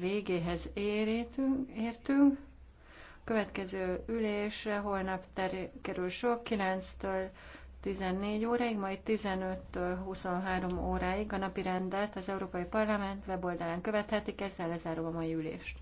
végéhez érítünk. értünk. Következő ülésre holnap ter- kerül sok, 9-től 14 óráig, majd 15-től 23 óráig a napi rendet az Európai Parlament weboldalán követhetik, ezzel lezárom a mai ülést.